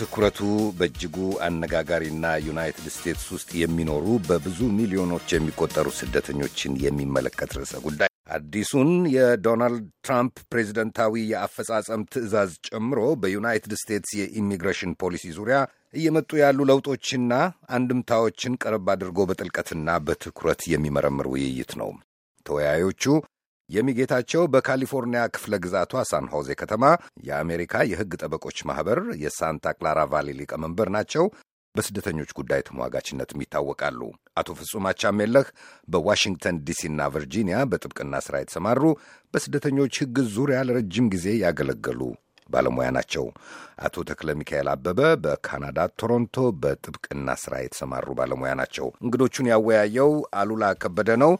ትኩረቱ በእጅጉ አነጋጋሪና ዩናይትድ ስቴትስ ውስጥ የሚኖሩ በብዙ ሚሊዮኖች የሚቆጠሩ ስደተኞችን የሚመለከት ርዕሰ ጉዳይ አዲሱን የዶናልድ ትራምፕ ፕሬዝደንታዊ የአፈጻጸም ትዕዛዝ ጨምሮ በዩናይትድ ስቴትስ የኢሚግሬሽን ፖሊሲ ዙሪያ እየመጡ ያሉ ለውጦችና አንድምታዎችን ቀረብ አድርጎ በጥልቀትና በትኩረት የሚመረምር ውይይት ነው። ተወያዮቹ የሚጌታቸው በካሊፎርኒያ ክፍለ ግዛቷ ሳን ሆዜ ከተማ የአሜሪካ የሕግ ጠበቆች ማኅበር የሳንታ ክላራ ቫሌ ሊቀመንበር ናቸው። በስደተኞች ጉዳይ ተሟጋችነትም ይታወቃሉ። አቶ ፍጹም አቻሜለህ በዋሽንግተን ዲሲና ቨርጂኒያ በጥብቅና ሥራ የተሰማሩ በስደተኞች ሕግ ዙሪያ ለረጅም ጊዜ ያገለገሉ ባለሙያ ናቸው። አቶ ተክለ ሚካኤል አበበ በካናዳ ቶሮንቶ በጥብቅና ሥራ የተሰማሩ ባለሙያ ናቸው። እንግዶቹን ያወያየው አሉላ ከበደ ነው።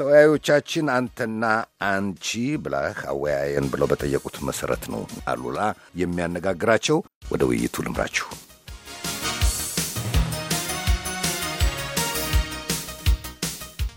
ተወያዮቻችን አንተና አንቺ ብላህ አወያየን ብለው በጠየቁት መሰረት ነው አሉላ የሚያነጋግራቸው። ወደ ውይይቱ ልምራችሁ።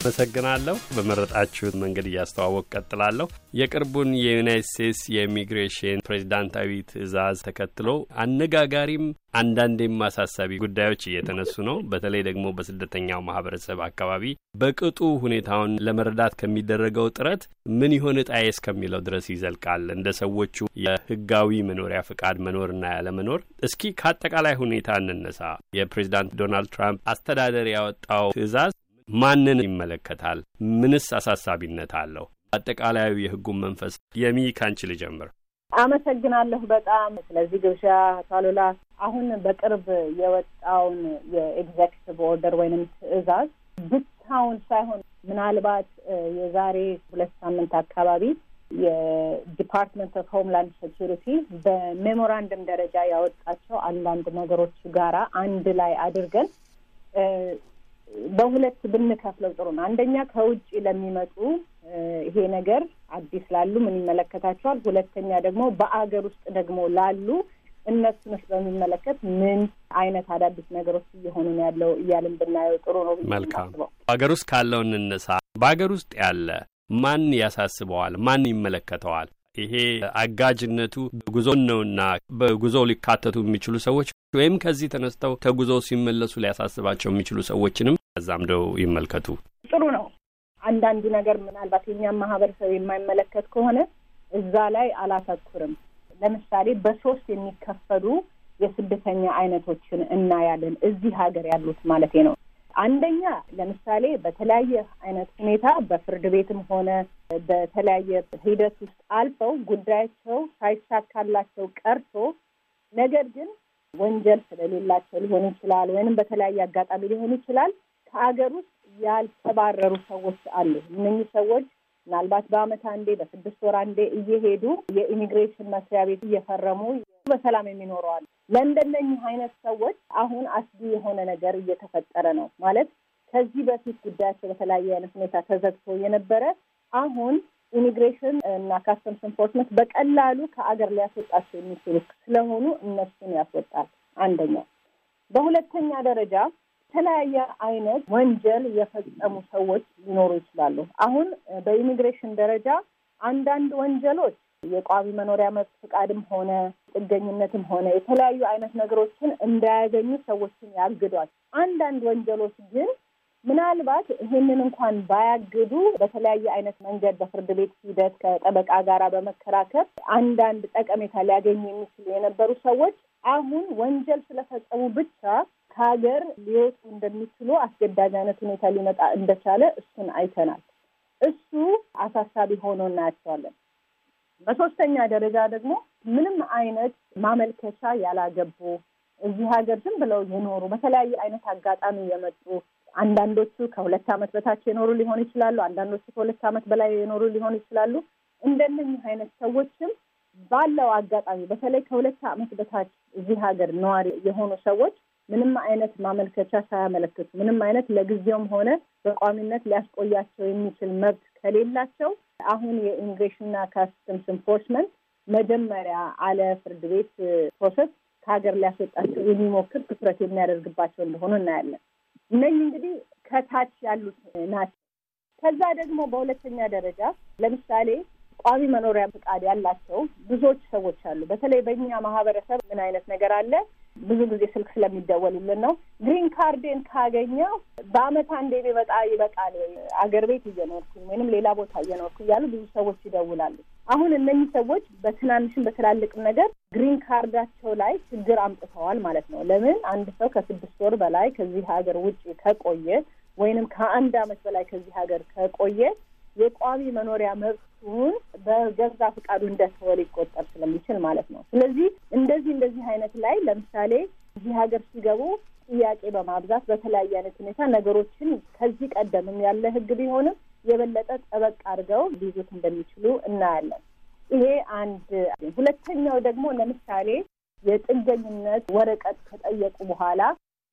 አመሰግናለሁ። በመረጣችሁት መንገድ እያስተዋወቅ ቀጥላለሁ። የቅርቡን የዩናይት ስቴትስ የኢሚግሬሽን ፕሬዚዳንታዊ ትዕዛዝ ተከትሎ አነጋጋሪም አንዳንዴም አሳሳቢ ጉዳዮች እየተነሱ ነው። በተለይ ደግሞ በስደተኛው ማህበረሰብ አካባቢ በቅጡ ሁኔታውን ለመረዳት ከሚደረገው ጥረት ምን ይሆን እጣዬ እስከሚለው ድረስ ይዘልቃል። እንደ ሰዎቹ የህጋዊ መኖሪያ ፍቃድ መኖርና ያለመኖር። እስኪ ከአጠቃላይ ሁኔታ እንነሳ። የፕሬዚዳንት ዶናልድ ትራምፕ አስተዳደር ያወጣው ትዕዛዝ ማንን ይመለከታል? ምንስ አሳሳቢነት አለው? አጠቃላዩ የህጉን መንፈስ የሚ ካንቺ ልጀምር። አመሰግናለሁ በጣም ስለዚህ ግብዣ ታሉላ። አሁን በቅርብ የወጣውን የኤግዜክቲቭ ኦርደር ወይንም ትዕዛዝ ብቻውን ሳይሆን ምናልባት የዛሬ ሁለት ሳምንት አካባቢ የዲፓርትመንት ኦፍ ሆምላንድ ሴኪሪቲ በሜሞራንደም ደረጃ ያወጣቸው አንዳንድ ነገሮች ጋራ አንድ ላይ አድርገን በሁለት ብንከፍለው ጥሩ ነው። አንደኛ ከውጭ ለሚመጡ ይሄ ነገር አዲስ ላሉ ምን ይመለከታቸዋል? ሁለተኛ ደግሞ በአገር ውስጥ ደግሞ ላሉ እነሱንስ በሚመለከት ምን አይነት አዳዲስ ነገሮች እየሆኑ ነው ያለው እያልን ብናየው ጥሩ ነው። መልካም በአገር ውስጥ ካለው እንነሳ። በአገር ውስጥ ያለ ማን ያሳስበዋል? ማን ይመለከተዋል? ይሄ አጋጅነቱ ጉዞን ነውና በጉዞ ሊካተቱ የሚችሉ ሰዎች ወይም ከዚህ ተነስተው ከጉዞ ሲመለሱ ሊያሳስባቸው የሚችሉ ሰዎችንም አዛምደው ይመልከቱ። ጥሩ ነው። አንዳንዱ ነገር ምናልባት የኛም ማህበረሰብ የማይመለከት ከሆነ እዛ ላይ አላተኩርም። ለምሳሌ በሶስት የሚከፈሉ የስደተኛ አይነቶችን እናያለን። እዚህ ሀገር ያሉት ማለት ነው። አንደኛ ለምሳሌ በተለያየ አይነት ሁኔታ በፍርድ ቤትም ሆነ በተለያየ ሂደት ውስጥ አልፈው ጉዳያቸው ሳይሳካላቸው ቀርቶ ነገር ግን ወንጀል ስለሌላቸው ሊሆን ይችላል፣ ወይንም በተለያየ አጋጣሚ ሊሆን ይችላል። ከሀገር ውስጥ ያልተባረሩ ሰዎች አሉ። እነኚህ ሰዎች ምናልባት በአመት አንዴ በስድስት ወር አንዴ እየሄዱ የኢሚግሬሽን መስሪያ ቤት እየፈረሙ በሰላም የሚኖረዋል። ለእንደነኚህ አይነት ሰዎች አሁን አስጊ የሆነ ነገር እየተፈጠረ ነው ማለት ከዚህ በፊት ጉዳያቸው በተለያየ አይነት ሁኔታ ተዘግቶ የነበረ አሁን ኢሚግሬሽን እና ካስተምስ ኢንፎርስመንት በቀላሉ ከአገር ሊያስወጣቸው የሚችሉ ስለሆኑ እነሱን ያስወጣል። አንደኛው። በሁለተኛ ደረጃ የተለያየ አይነት ወንጀል የፈጸሙ ሰዎች ሊኖሩ ይችላሉ። አሁን በኢሚግሬሽን ደረጃ አንዳንድ ወንጀሎች የቋሚ መኖሪያ መብት ፍቃድም ሆነ ጥገኝነትም ሆነ የተለያዩ አይነት ነገሮችን እንዳያገኙ ሰዎችን ያግዷል። አንዳንድ ወንጀሎች ግን ምናልባት ይህንን እንኳን ባያግዱ በተለያየ አይነት መንገድ በፍርድ ቤት ሂደት ከጠበቃ ጋራ በመከራከር አንዳንድ ጠቀሜታ ሊያገኙ የሚችሉ የነበሩ ሰዎች አሁን ወንጀል ስለፈጸሙ ብቻ ከሀገር ሊወጡ እንደሚችሉ አስገዳጅ አይነት ሁኔታ ሊመጣ እንደቻለ እሱን አይተናል። እሱ አሳሳቢ ሆኖ እናያቸዋለን። በሶስተኛ ደረጃ ደግሞ ምንም አይነት ማመልከቻ ያላገቡ እዚህ ሀገር ዝም ብለው የኖሩ በተለያየ አይነት አጋጣሚ የመጡ አንዳንዶቹ ከሁለት ዓመት በታች የኖሩ ሊሆኑ ይችላሉ። አንዳንዶቹ ከሁለት ዓመት በላይ የኖሩ ሊሆኑ ይችላሉ። እንደነኚህ አይነት ሰዎችም ባለው አጋጣሚ በተለይ ከሁለት ዓመት በታች እዚህ ሀገር ነዋሪ የሆኑ ሰዎች ምንም አይነት ማመልከቻ ሳያመለክቱ ምንም አይነት ለጊዜውም ሆነ በቋሚነት ሊያስቆያቸው የሚችል መብት ከሌላቸው አሁን የኢሚግሬሽንና ካስተምስ ኢንፎርስመንት መጀመሪያ አለ ፍርድ ቤት ፕሮሰስ ከሀገር ሊያስወጣቸው የሚሞክር ትኩረት የሚያደርግባቸው እንደሆኑ እናያለን። እነኚህ እንግዲህ ከታች ያሉት ናቸው። ከዛ ደግሞ በሁለተኛ ደረጃ ለምሳሌ ቋሚ መኖሪያ ፍቃድ ያላቸው ብዙዎች ሰዎች አሉ። በተለይ በእኛ ማህበረሰብ ምን አይነት ነገር አለ? ብዙ ጊዜ ስልክ ስለሚደወልልን ነው። ግሪን ካርዴን ካገኘው በአመት አንዴ ቢመጣ ይበቃል ወይ አገር ቤት እየኖርኩኝ ወይንም ሌላ ቦታ እየኖርኩ እያሉ ብዙ ሰዎች ይደውላሉ። አሁን እነኚህ ሰዎች በትናንሽም በትላልቅም ነገር ግሪን ካርዳቸው ላይ ችግር አምጥተዋል ማለት ነው። ለምን አንድ ሰው ከስድስት ወር በላይ ከዚህ ሀገር ውጭ ከቆየ ወይንም ከአንድ አመት በላይ ከዚህ ሀገር ከቆየ የቋሚ መኖሪያ መብቱን በገዛ ፍቃዱ እንደተወ ሊቆጠር ስለሚችል ማለት ነው። ስለዚህ እንደዚህ እንደዚህ አይነት ላይ ለምሳሌ እዚህ ሀገር ሲገቡ ጥያቄ በማብዛት በተለያየ አይነት ሁኔታ ነገሮችን ከዚህ ቀደምም ያለ ህግ ቢሆንም የበለጠ ጠበቅ አድርገው ሊይዙት እንደሚችሉ እናያለን። ይሄ አንድ። ሁለተኛው ደግሞ ለምሳሌ የጥገኝነት ወረቀት ከጠየቁ በኋላ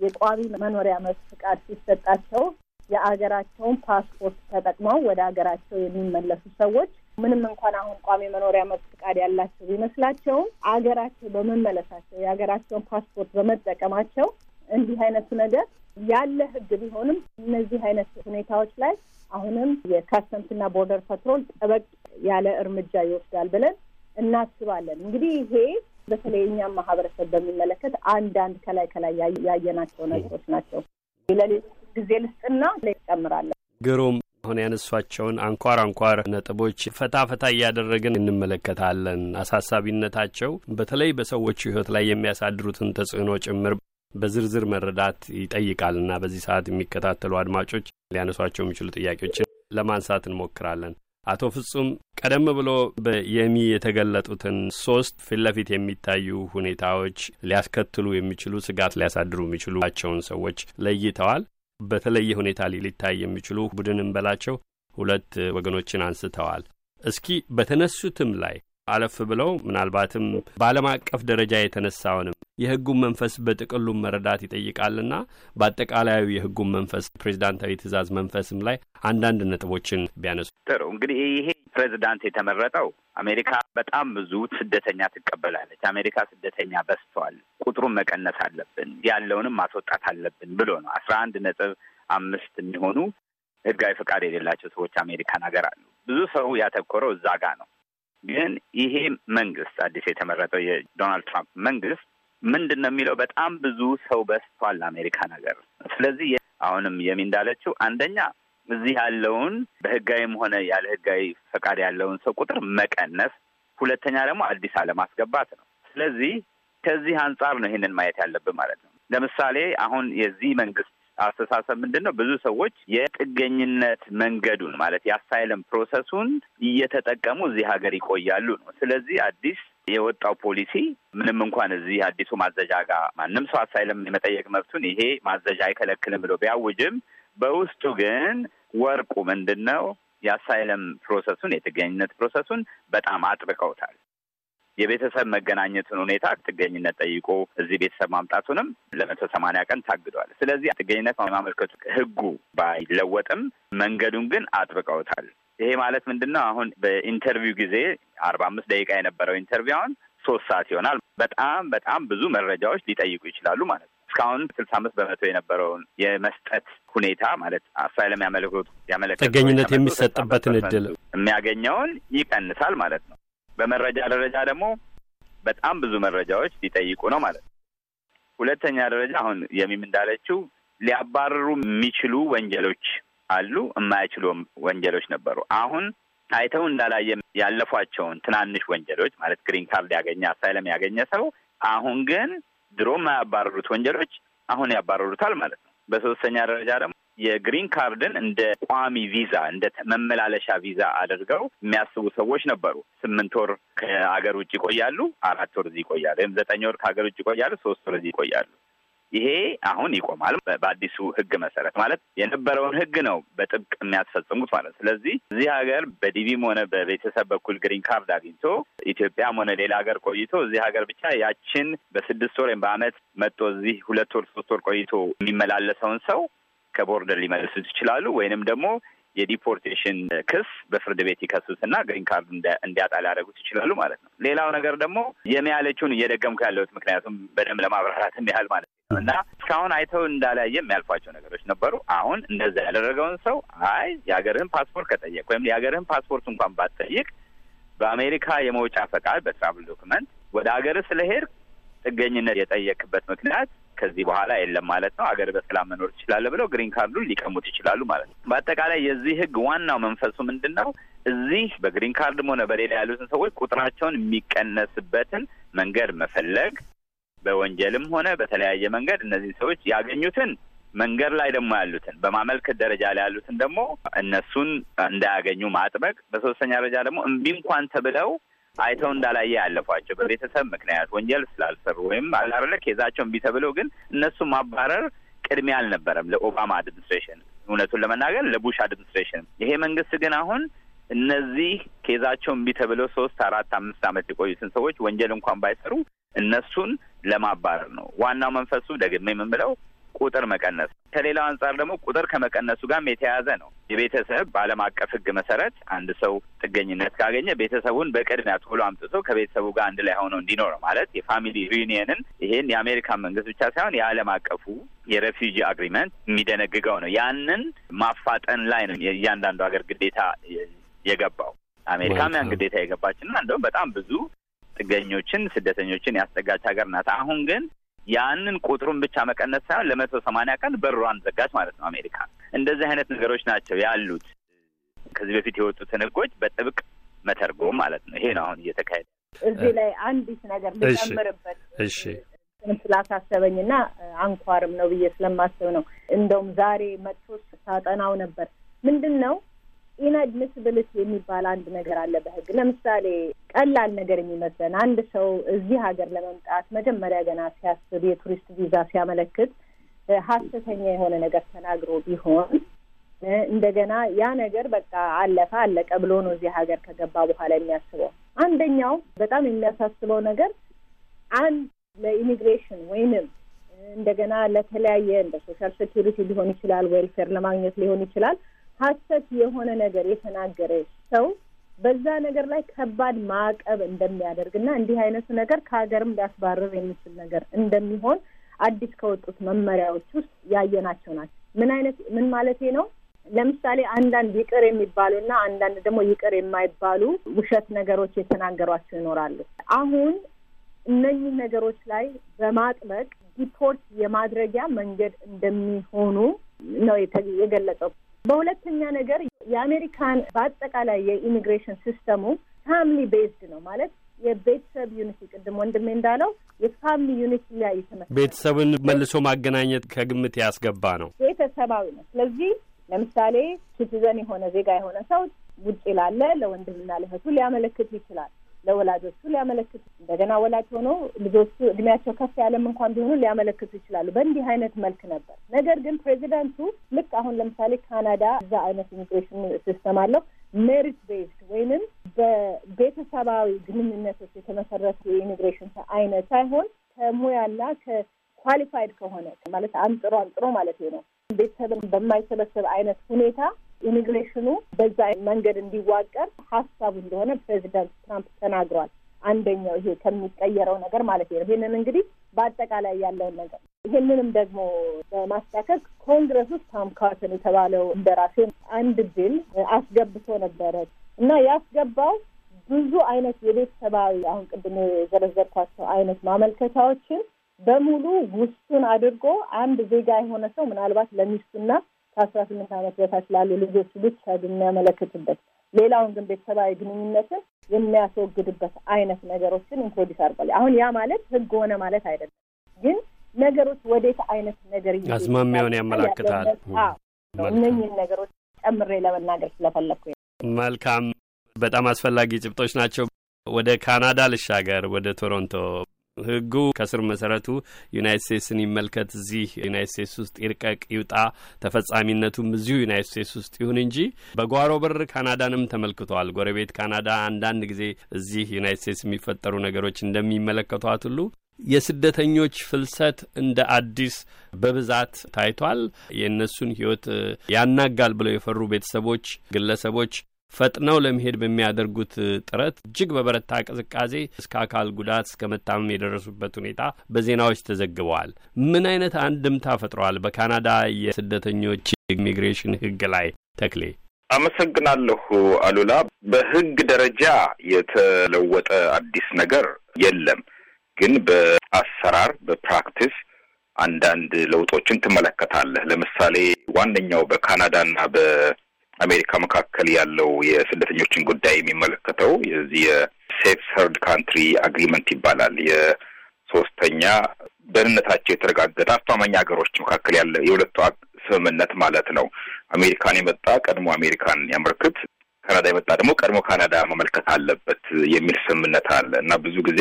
የቋሚ መኖሪያ መብት ፍቃድ ሲሰጣቸው የአገራቸውን ፓስፖርት ተጠቅመው ወደ አገራቸው የሚመለሱ ሰዎች ምንም እንኳን አሁን ቋሚ መኖሪያ መብት ፍቃድ ያላቸው ቢመስላቸውም አገራቸው በመመለሳቸው የሀገራቸውን ፓስፖርት በመጠቀማቸው እንዲህ አይነቱ ነገር ያለ ህግ ቢሆንም እነዚህ አይነት ሁኔታዎች ላይ አሁንም የካስተምስና ቦርደር ፐትሮል ጠበቅ ያለ እርምጃ ይወስዳል ብለን እናስባለን። እንግዲህ ይሄ በተለይ እኛም ማህበረሰብ በሚመለከት አንዳንድ ከላይ ከላይ ያየናቸው ነገሮች ናቸው። ጊዜ ልስጥና ይጨምራለን። ግሩም አሁን ያነሷቸውን አንኳር አንኳር ነጥቦች ፈታ ፈታ እያደረግን እንመለከታለን። አሳሳቢነታቸው በተለይ በሰዎች ሕይወት ላይ የሚያሳድሩትን ተጽዕኖ ጭምር በዝርዝር መረዳት ይጠይቃልና በዚህ ሰዓት የሚከታተሉ አድማጮች ሊያነሷቸው የሚችሉ ጥያቄዎችን ለማንሳት እንሞክራለን። አቶ ፍጹም ቀደም ብሎ በየሚ የተገለጡትን ሶስት ፊት ለፊት የሚታዩ ሁኔታዎች ሊያስከትሉ የሚችሉ ስጋት ሊያሳድሩ የሚችሉቸውን ሰዎች ለይተዋል። በተለየ ሁኔታ ሊታይ የሚችሉ ቡድን በላቸው ሁለት ወገኖችን አንስተዋል። እስኪ በተነሱትም ላይ አለፍ ብለው ምናልባትም በዓለም አቀፍ ደረጃ የተነሳውንም የሕጉን መንፈስ በጥቅሉም መረዳት ይጠይቃልና በአጠቃላዩ የሕጉን መንፈስ ፕሬዚዳንታዊ ትእዛዝ መንፈስም ላይ አንዳንድ ነጥቦችን ቢያነሱ ጥሩ። እንግዲህ ይሄ ፕሬዚዳንት የተመረጠው አሜሪካ በጣም ብዙ ስደተኛ ትቀበላለች፣ አሜሪካ ስደተኛ በዝቷል፣ ቁጥሩን መቀነስ አለብን፣ ያለውንም ማስወጣት አለብን ብሎ ነው። አስራ አንድ ነጥብ አምስት የሚሆኑ ህጋዊ ፈቃድ የሌላቸው ሰዎች አሜሪካን ሀገር አሉ። ብዙ ሰው ያተኮረው እዛ ጋ ነው። ግን ይሄ መንግስት አዲስ የተመረጠው የዶናልድ ትራምፕ መንግስት ምንድን ነው የሚለው በጣም ብዙ ሰው በዝቷል አሜሪካን ሀገር። ስለዚህ አሁንም የሚንዳለችው አንደኛ እዚህ ያለውን በህጋዊም ሆነ ያለ ህጋዊ ፈቃድ ያለውን ሰው ቁጥር መቀነስ፣ ሁለተኛ ደግሞ አዲስ አለማስገባት ነው። ስለዚህ ከዚህ አንጻር ነው ይህንን ማየት ያለብን ማለት ነው። ለምሳሌ አሁን የዚህ መንግስት አስተሳሰብ ምንድን ነው? ብዙ ሰዎች የጥገኝነት መንገዱን ማለት የአሳይለም ፕሮሰሱን እየተጠቀሙ እዚህ ሀገር ይቆያሉ ነው። ስለዚህ አዲስ የወጣው ፖሊሲ ምንም እንኳን እዚህ አዲሱ ማዘዣ ጋር ማንም ሰው አሳይለም የመጠየቅ መብቱን ይሄ ማዘዣ አይከለክልም ብሎ ቢያውጅም በውስጡ ግን ወርቁ ምንድን ነው? የአሳይለም ፕሮሰሱን የጥገኝነት ፕሮሰሱን በጣም አጥብቀውታል። የቤተሰብ መገናኘትን ሁኔታ ጥገኝነት ጠይቆ እዚህ ቤተሰብ ማምጣቱንም ለመቶ ሰማንያ ቀን ታግዷል። ስለዚህ ጥገኝነት ማመልከቱ ህጉ ባይለወጥም መንገዱን ግን አጥብቀውታል። ይሄ ማለት ምንድን ነው? አሁን በኢንተርቪው ጊዜ አርባ አምስት ደቂቃ የነበረው ኢንተርቪው አሁን ሶስት ሰዓት ይሆናል። በጣም በጣም ብዙ መረጃዎች ሊጠይቁ ይችላሉ ማለት ነው። እስካሁን ስልሳ አምስት በመቶ የነበረውን የመስጠት ሁኔታ ማለት አሳይለም ያመለክቱ ያመለክ ጥገኝነት የሚሰጥበትን እድል የሚያገኘውን ይቀንሳል ማለት ነው። በመረጃ ደረጃ ደግሞ በጣም ብዙ መረጃዎች ሊጠይቁ ነው ማለት ነው። ሁለተኛ ደረጃ አሁን የሚም እንዳለችው ሊያባረሩ የሚችሉ ወንጀሎች አሉ፣ የማይችሉ ወንጀሎች ነበሩ። አሁን አይተው እንዳላየ ያለፏቸውን ትናንሽ ወንጀሎች ማለት ግሪን ካርድ ያገኘ አሳይለም ያገኘ ሰው አሁን ግን ድሮ የማያባረሩት ወንጀሎች አሁን ያባረሩታል ማለት ነው። በሶስተኛ ደረጃ ደግሞ የግሪን ካርድን እንደ ቋሚ ቪዛ እንደ መመላለሻ ቪዛ አድርገው የሚያስቡ ሰዎች ነበሩ። ስምንት ወር ከሀገር ውጭ ይቆያሉ፣ አራት ወር እዚህ ይቆያሉ፣ ወይም ዘጠኝ ወር ከሀገር ውጭ ይቆያሉ፣ ሶስት ወር እዚህ ይቆያሉ። ይሄ አሁን ይቆማል በአዲሱ ህግ መሰረት ማለት የነበረውን ህግ ነው በጥብቅ የሚያስፈጽሙት ማለት ስለዚህ እዚህ ሀገር በዲቪም ሆነ በቤተሰብ በኩል ግሪን ካርድ አግኝቶ ኢትዮጵያም ሆነ ሌላ ሀገር ቆይቶ እዚህ ሀገር ብቻ ያችን በስድስት ወር ወይም በአመት መጥቶ እዚህ ሁለት ወር ሶስት ወር ቆይቶ የሚመላለሰውን ሰው ከቦርደር ሊመልሱት ይችላሉ ወይንም ደግሞ የዲፖርቴሽን ክስ በፍርድ ቤት ይከሱትና ግሪን ካርድ እንዲያጣ ሊያደርጉት ይችላሉ ማለት ነው። ሌላው ነገር ደግሞ የሚያለችውን እየደገምኩ ያለሁት ምክንያቱም በደንብ ለማብራራት ያህል ማለት እና እስካሁን አይተው እንዳላየ የሚያልፏቸው ነገሮች ነበሩ። አሁን እንደዛ ያደረገውን ሰው አይ የሀገርህን ፓስፖርት ከጠየቅ ወይም የሀገርህን ፓስፖርት እንኳን ባትጠይቅ በአሜሪካ የመውጫ ፈቃድ በትራቭል ዶክመንት ወደ ሀገርህ ስለሄድ ጥገኝነት የጠየቅበት ምክንያት ከዚህ በኋላ የለም ማለት ነው። ሀገር በሰላም መኖር ትችላለህ ብለው ግሪን ካርዱን ሊቀሙት ይችላሉ ማለት ነው። በአጠቃላይ የዚህ ህግ ዋናው መንፈሱ ምንድን ነው? እዚህ በግሪን ካርድም ሆነ በሌላ ያሉትን ሰዎች ቁጥራቸውን የሚቀነስበትን መንገድ መፈለግ በወንጀልም ሆነ በተለያየ መንገድ እነዚህ ሰዎች ያገኙትን መንገድ ላይ ደግሞ ያሉትን በማመልከት ደረጃ ላይ ያሉትን ደግሞ እነሱን እንዳያገኙ ማጥበቅ፣ በሶስተኛ ደረጃ ደግሞ እምቢ እንኳን ተብለው አይተው እንዳላየ ያለፏቸው በቤተሰብ ምክንያት ወንጀል ስላልሰሩ ወይም አላረለ ኬዛቸው እምቢ ተብለው ግን እነሱ ማባረር ቅድሚያ አልነበረም ለኦባማ አድሚኒስትሬሽን እውነቱን ለመናገር ለቡሽ አድሚኒስትሬሽን። ይሄ መንግስት ግን አሁን እነዚህ ኬዛቸው እምቢ ተብለው ሶስት አራት አምስት ዓመት የቆዩትን ሰዎች ወንጀል እንኳን ባይሰሩ እነሱን ለማባረር ነው ዋናው መንፈሱ። ደግሜ የምንብለው ቁጥር መቀነስ ነው። ከሌላው አንጻር ደግሞ ቁጥር ከመቀነሱ ጋርም የተያያዘ ነው። የቤተሰብ በዓለም አቀፍ ህግ መሰረት አንድ ሰው ጥገኝነት ካገኘ ቤተሰቡን በቅድሚያ ቶሎ አምጥቶ ከቤተሰቡ ጋር አንድ ላይ ሆነው እንዲኖረው ማለት የፋሚሊ ሪዩኒየንን ይሄን የአሜሪካን መንግስት ብቻ ሳይሆን የዓለም አቀፉ የሬፊጂ አግሪመንት የሚደነግገው ነው። ያንን ማፋጠን ላይ ነው የእያንዳንዱ ሀገር ግዴታ የገባው። አሜሪካም ያን ግዴታ ና እንደውም በጣም ብዙ ጥገኞችን፣ ስደተኞችን ያስጠጋች ሀገር ናት። አሁን ግን ያንን ቁጥሩን ብቻ መቀነስ ሳይሆን ለመቶ ሰማኒያ ቀን በሯን ዘጋች ማለት ነው አሜሪካ። እንደዚህ አይነት ነገሮች ናቸው ያሉት። ከዚህ በፊት የወጡትን ህጎች በጥብቅ መተርጎ ማለት ነው። ይሄ ነው አሁን እየተካሄደ። እዚህ ላይ አንዲት ነገር ልጨምርበት ስላሳሰበኝ ና አንኳርም ነው ብዬ ስለማስብ ነው። እንደውም ዛሬ መጥቶ ሳጠናው ነበር ምንድን ነው ኢንአድሚስብልት የሚባል አንድ ነገር አለ በህግ። ለምሳሌ ቀላል ነገር የሚመስለን አንድ ሰው እዚህ ሀገር ለመምጣት መጀመሪያ ገና ሲያስብ የቱሪስት ቪዛ ሲያመለክት ሀሰተኛ የሆነ ነገር ተናግሮ ቢሆን እንደገና ያ ነገር በቃ አለፈ አለቀ ብሎ ነው እዚህ ሀገር ከገባ በኋላ የሚያስበው። አንደኛው በጣም የሚያሳስበው ነገር አንድ ለኢሚግሬሽን ወይንም እንደገና ለተለያየ እንደ ሶሻል ሴኪሪቲ ሊሆን ይችላል፣ ዌልፌር ለማግኘት ሊሆን ይችላል ሀሰት የሆነ ነገር የተናገረ ሰው በዛ ነገር ላይ ከባድ ማዕቀብ እንደሚያደርግ እና እንዲህ አይነቱ ነገር ከሀገርም ሊያስባረር የሚችል ነገር እንደሚሆን አዲስ ከወጡት መመሪያዎች ውስጥ ያየናቸው ናቸው። ምን አይነት ምን ማለቴ ነው? ለምሳሌ አንዳንድ ይቅር ና አንዳንድ ደግሞ ይቅር የማይባሉ ውሸት ነገሮች የተናገሯቸው ይኖራሉ። አሁን እነኚህ ነገሮች ላይ በማጥበቅ ዲፖርት የማድረጊያ መንገድ እንደሚሆኑ ነው የገለጸው። በሁለተኛ ነገር የአሜሪካን በአጠቃላይ የኢሚግሬሽን ሲስተሙ ፋሚሊ ቤዝድ ነው ማለት የቤተሰብ ዩኒቲ ቅድም ወንድሜ እንዳለው የፋሚሊ ዩኒቲ ላይ የተመሰረተ ቤተሰብን መልሶ ማገናኘት ከግምት ያስገባ ነው፣ ቤተሰባዊ ነው። ስለዚህ ለምሳሌ ሲቲዘን የሆነ ዜጋ የሆነ ሰው ውጭ ላለ ለወንድምና ለእህቱ ሊያመለክት ይችላል። ለወላጆቹ ሊያመለክቱ እንደገና ወላጅ ሆኖ ልጆቹ እድሜያቸው ከፍ ያለም እንኳን ቢሆኑ ሊያመለክቱ ይችላሉ። በእንዲህ አይነት መልክ ነበር። ነገር ግን ፕሬዚዳንቱ ልክ አሁን ለምሳሌ ካናዳ እዛ አይነት ኢሚግሬሽን ሲስተም አለው ሜሪት ቤዝድ ወይንም በቤተሰባዊ ግንኙነቶች የተመሰረቱ የኢሚግሬሽን አይነት ሳይሆን ከሙያና ከኳሊፋይድ ከሆነ ማለት አንጥሮ አንጥሮ ማለት ነው ቤተሰብን በማይሰበሰብ አይነት ሁኔታ ኢሚግሬሽኑ በዛ መንገድ እንዲዋቀር ሀሳቡ እንደሆነ ፕሬዚዳንት ትራምፕ ተናግሯል። አንደኛው ይሄ ከሚቀየረው ነገር ማለት ነው። ይሄንን እንግዲህ በአጠቃላይ ያለውን ነገር ይህንንም ደግሞ በማስታከክ ኮንግረስ ውስጥ ታም ካርተን የተባለው እንደራሴ አንድ ቢል አስገብቶ ነበረ እና ያስገባው ብዙ አይነት የቤተሰባዊ አሁን ቅድም የዘረዘርኳቸው አይነት ማመልከቻዎችን በሙሉ ውሱን አድርጎ አንድ ዜጋ የሆነ ሰው ምናልባት ለሚስቱና ከአስራ ስምንት ዓመት በታች ላሉ ልጆች ብቻ የሚያመለክትበት ሌላውን ግን ቤተሰባዊ ግንኙነትን የሚያስወግድበት አይነት ነገሮችን ኢንትሮዲስ አድርጓል። አሁን ያ ማለት ህግ ሆነ ማለት አይደለም፣ ግን ነገሮች ወዴት አይነት ነገር አዝማሚያውን ያመላክታል። እነኝን ነገሮች ጨምሬ ለመናገር ስለፈለግኩ መልካም። በጣም አስፈላጊ ጭብጦች ናቸው። ወደ ካናዳ ልሻገር፣ ወደ ቶሮንቶ ህጉ ከስር መሰረቱ ዩናይት ስቴትስን ይመልከት፣ እዚህ ዩናይት ስቴትስ ውስጥ ይርቀቅ ይውጣ፣ ተፈጻሚነቱም እዚሁ ዩናይት ስቴትስ ውስጥ ይሁን እንጂ በጓሮ በር ካናዳንም ተመልክቷል። ጎረቤት ካናዳ አንዳንድ ጊዜ እዚህ ዩናይት ስቴትስ የሚፈጠሩ ነገሮች እንደሚመለከቷት ሁሉ የስደተኞች ፍልሰት እንደ አዲስ በብዛት ታይቷል። የእነሱን ህይወት ያናጋል ብለው የፈሩ ቤተሰቦች፣ ግለሰቦች ፈጥነው ለመሄድ በሚያደርጉት ጥረት እጅግ በበረታ ቅዝቃዜ እስከ አካል ጉዳት እስከ መታመም የደረሱበት ሁኔታ በዜናዎች ተዘግበዋል። ምን አይነት አንድምታ ፈጥረዋል በካናዳ የስደተኞች ኢሚግሬሽን ህግ ላይ? ተክሌ አመሰግናለሁ። አሉላ፣ በህግ ደረጃ የተለወጠ አዲስ ነገር የለም፣ ግን በአሰራር በፕራክቲስ አንዳንድ ለውጦችን ትመለከታለህ። ለምሳሌ ዋነኛው በካናዳና በ አሜሪካ መካከል ያለው የስደተኞችን ጉዳይ የሚመለከተው የዚህ የሴፍ ሰርድ ካንትሪ አግሪመንት ይባላል። የሶስተኛ ደህንነታቸው የተረጋገጠ አስተማማኝ ሀገሮች መካከል ያለ የሁለቱ ስምምነት ማለት ነው። አሜሪካን የመጣ ቀድሞ አሜሪካን ያመልክት፣ ካናዳ የመጣ ደግሞ ቀድሞ ካናዳ መመልከት አለበት የሚል ስምምነት አለ እና ብዙ ጊዜ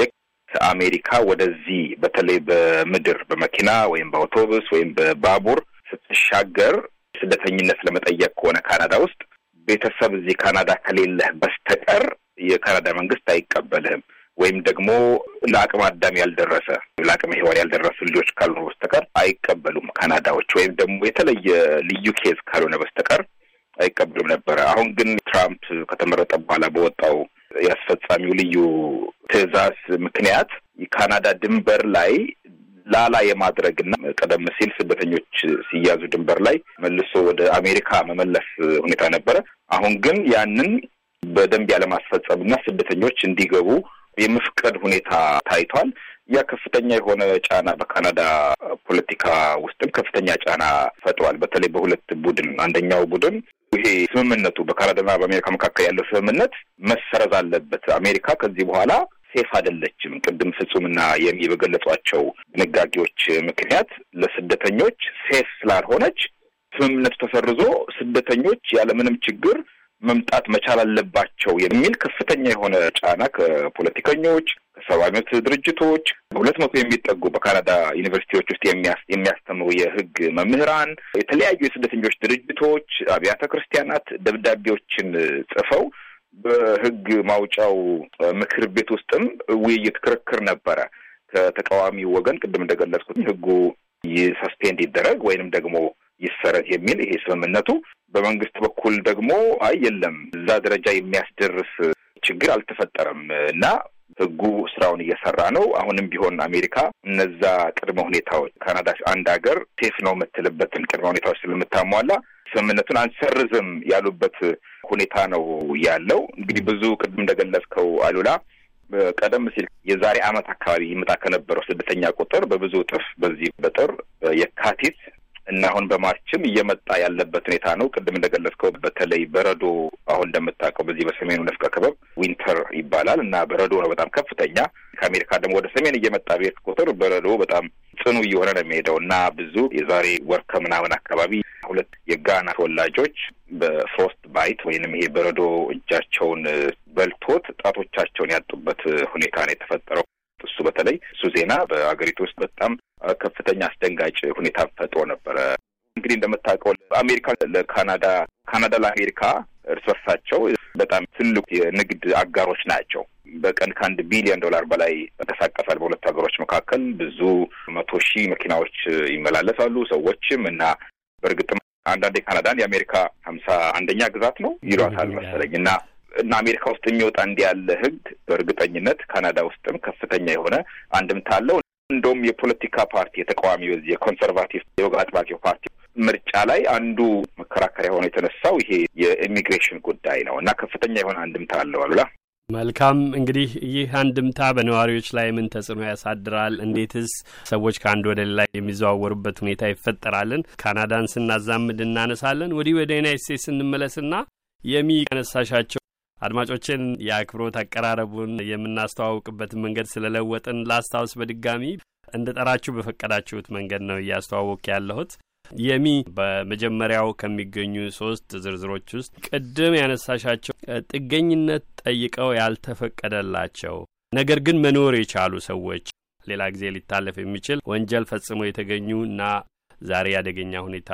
ከአሜሪካ ወደዚህ በተለይ በምድር በመኪና ወይም በአውቶቡስ ወይም በባቡር ስትሻገር ስደተኝነት ለመጠየቅ ከሆነ ካናዳ ውስጥ ቤተሰብ እዚህ ካናዳ ከሌለህ በስተቀር የካናዳ መንግስት አይቀበልህም። ወይም ደግሞ ለአቅመ አዳም ያልደረሰ ለአቅመ ሔዋን ያልደረሱ ልጆች ካልሆነ በስተቀር አይቀበሉም ካናዳዎች። ወይም ደግሞ የተለየ ልዩ ኬዝ ካልሆነ በስተቀር አይቀበሉም ነበረ። አሁን ግን ትራምፕ ከተመረጠ በኋላ በወጣው የአስፈጻሚው ልዩ ትዕዛዝ ምክንያት የካናዳ ድንበር ላይ ላላ የማድረግና ቀደም ሲል ስደተኞች ሲያዙ ድንበር ላይ መልሶ ወደ አሜሪካ መመለስ ሁኔታ ነበረ። አሁን ግን ያንን በደንብ ያለማስፈጸምና ስደተኞች እንዲገቡ የመፍቀድ ሁኔታ ታይቷል። ያ ከፍተኛ የሆነ ጫና በካናዳ ፖለቲካ ውስጥም ከፍተኛ ጫና ፈጥሯል። በተለይ በሁለት ቡድን፣ አንደኛው ቡድን ይሄ ስምምነቱ በካናዳና በአሜሪካ መካከል ያለው ስምምነት መሰረዝ አለበት፣ አሜሪካ ከዚህ በኋላ ሴፍ አይደለችም። ቅድም ፍጹምና የሚ በገለጿቸው ድንጋጌዎች ምክንያት ለስደተኞች ሴፍ ስላልሆነች ስምምነቱ ተሰርዞ ስደተኞች ያለምንም ችግር መምጣት መቻል አለባቸው የሚል ከፍተኛ የሆነ ጫና ከፖለቲከኞች፣ ከሰብአዊ መብት ድርጅቶች፣ ሁለት መቶ የሚጠጉ በካናዳ ዩኒቨርሲቲዎች ውስጥ የሚያስተምሩ የሕግ መምህራን፣ የተለያዩ የስደተኞች ድርጅቶች፣ አብያተ ክርስቲያናት ደብዳቤዎችን ጽፈው በህግ ማውጫው ምክር ቤት ውስጥም ውይይት፣ ክርክር ነበረ ከተቃዋሚ ወገን። ቅድም እንደገለጽኩት ህጉ ሰስፔንድ ይደረግ ወይንም ደግሞ ይሰረት የሚል ይሄ ስምምነቱ፣ በመንግስት በኩል ደግሞ አይ የለም እዛ ደረጃ የሚያስደርስ ችግር አልተፈጠረም እና ህጉ ስራውን እየሰራ ነው። አሁንም ቢሆን አሜሪካ እነዛ ቅድመ ሁኔታዎች ካናዳ አንድ ሀገር ሴፍ ነው የምትልበትን ቅድመ ሁኔታዎች ስለምታሟላ ስምምነቱን አንሰርዝም ያሉበት ሁኔታ ነው ያለው። እንግዲህ ብዙ ቅድም እንደገለጽከው አሉላ ቀደም ሲል የዛሬ ዓመት አካባቢ ይመጣ ከነበረው ስደተኛ ቁጥር በብዙ እጥፍ በዚህ በጥር የካቲት እና አሁን በማርችም እየመጣ ያለበት ሁኔታ ነው። ቅድም እንደገለጽከው በተለይ በረዶ አሁን እንደምታውቀው በዚህ በሰሜኑ ነፍቀ ክበብ ዊንተር ይባላል እና በረዶ ነው በጣም ከፍተኛ። ከአሜሪካ ደግሞ ወደ ሰሜን እየመጣ ቤት ቁጥር በረዶ በጣም ጽኑ እየሆነ ነው የሚሄደው እና ብዙ የዛሬ ወር ከምናምን አካባቢ ሁለት የጋና ተወላጆች በፍሮስት ባይት ወይንም ይሄ በረዶ እጃቸውን በልቶት ጣቶቻቸውን ያጡበት ሁኔታ ነው የተፈጠረው። እሱ በተለይ እሱ ዜና በአገሪቱ ውስጥ በጣም ከፍተኛ አስደንጋጭ ሁኔታ ፈጥሮ ነበረ። እንግዲህ እንደምታውቀው አሜሪካ ለካናዳ፣ ካናዳ ለአሜሪካ እርስ በርሳቸው በጣም ትልቅ የንግድ አጋሮች ናቸው። በቀን ከአንድ ቢሊዮን ዶላር በላይ ተንቀሳቀሳል። በሁለቱ ሀገሮች መካከል ብዙ መቶ ሺህ መኪናዎች ይመላለሳሉ፣ ሰዎችም እና በእርግጥም አንዳንድ የካናዳን የአሜሪካ ሀምሳ አንደኛ ግዛት ነው ይሏታል መሰለኝ እና እና አሜሪካ ውስጥ የሚወጣ እንዲህ ያለ ህግ በእርግጠኝነት ካናዳ ውስጥም ከፍተኛ የሆነ አንድምታ አለው። እንደውም የፖለቲካ ፓርቲ የተቃዋሚ በዚህ የኮንሰርቫቲቭ የወግ አጥባቂው ፓርቲ ምርጫ ላይ አንዱ መከራከሪያ ሆኖ የተነሳው ይሄ የኢሚግሬሽን ጉዳይ ነው እና ከፍተኛ የሆነ አንድምታ አለው አሉላ። መልካም እንግዲህ ይህ አንድምታ በነዋሪዎች ላይ ምን ተጽዕኖ ያሳድራል? እንዴትስ ሰዎች ከአንድ ወደ ሌላ የሚዘዋወሩበት ሁኔታ ይፈጠራልን? ካናዳን ስናዛምድ እናነሳለን። ወዲህ ወደ ዩናይት ስቴትስ እንመለስና የሚ ያነሳሻቸው አድማጮችን የአክብሮት አቀራረቡን የምናስተዋውቅበትን መንገድ ስለለወጥን ላስታውስ በድጋሚ እንደ ጠራችሁ በፈቀዳችሁት መንገድ ነው እያስተዋወቅ ያለሁት። የሚ በመጀመሪያው ከሚገኙ ሶስት ዝርዝሮች ውስጥ ቅድም ያነሳሻቸው ጥገኝነት ጠይቀው ያልተፈቀደላቸው ነገር ግን መኖር የቻሉ ሰዎች ሌላ ጊዜ ሊታለፍ የሚችል ወንጀል ፈጽመው የተገኙ እና ዛሬ አደገኛ ሁኔታ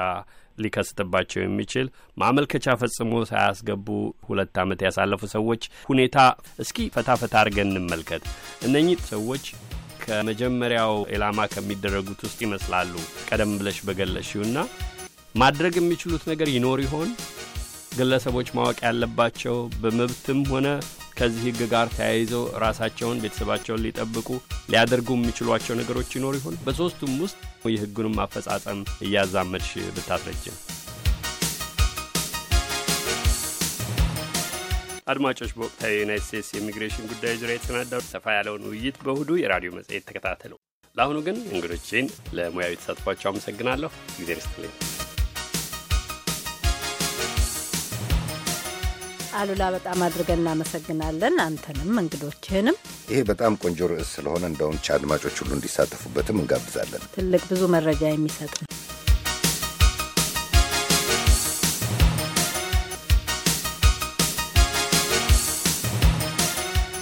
ሊከስትባቸው የሚችል ማመልከቻ ፈጽሞ ሳያስገቡ ሁለት ዓመት ያሳለፉ ሰዎች ሁኔታ እስኪ ፈታ ፈታ አድርገን እንመልከት። እነኚህ ሰዎች ከመጀመሪያው ኢላማ ከሚደረጉት ውስጥ ይመስላሉ። ቀደም ብለሽ በገለሽውና ማድረግ የሚችሉት ነገር ይኖር ይሆን? ግለሰቦች ማወቅ ያለባቸው በመብትም ሆነ ከዚህ ህግ ጋር ተያይዘው ራሳቸውን፣ ቤተሰባቸውን ሊጠብቁ ሊያደርጉ የሚችሏቸው ነገሮች ይኖሩ ይሆን? በሶስቱም ውስጥ የህጉንም አፈጻጸም እያዛመድሽ ብታስረጅም። አድማጮች፣ በወቅታዊ የዩናይት ስቴትስ የኢሚግሬሽን ጉዳይ ዙሪያ የተሰናዳው ሰፋ ያለውን ውይይት በእሁዱ የራዲዮ መጽሔት ተከታተሉ። ለአሁኑ ግን እንግዶችን ለሙያዊ ተሳትፏቸው አመሰግናለሁ። ጊዜ ስትልኝ አሉላ በጣም አድርገን እናመሰግናለን። አንተንም እንግዶችህንም። ይሄ በጣም ቆንጆ ርዕስ ስለሆነ እንደውም አድማጮች ሁሉ እንዲሳተፉበትም እንጋብዛለን። ትልቅ ብዙ መረጃ የሚሰጥ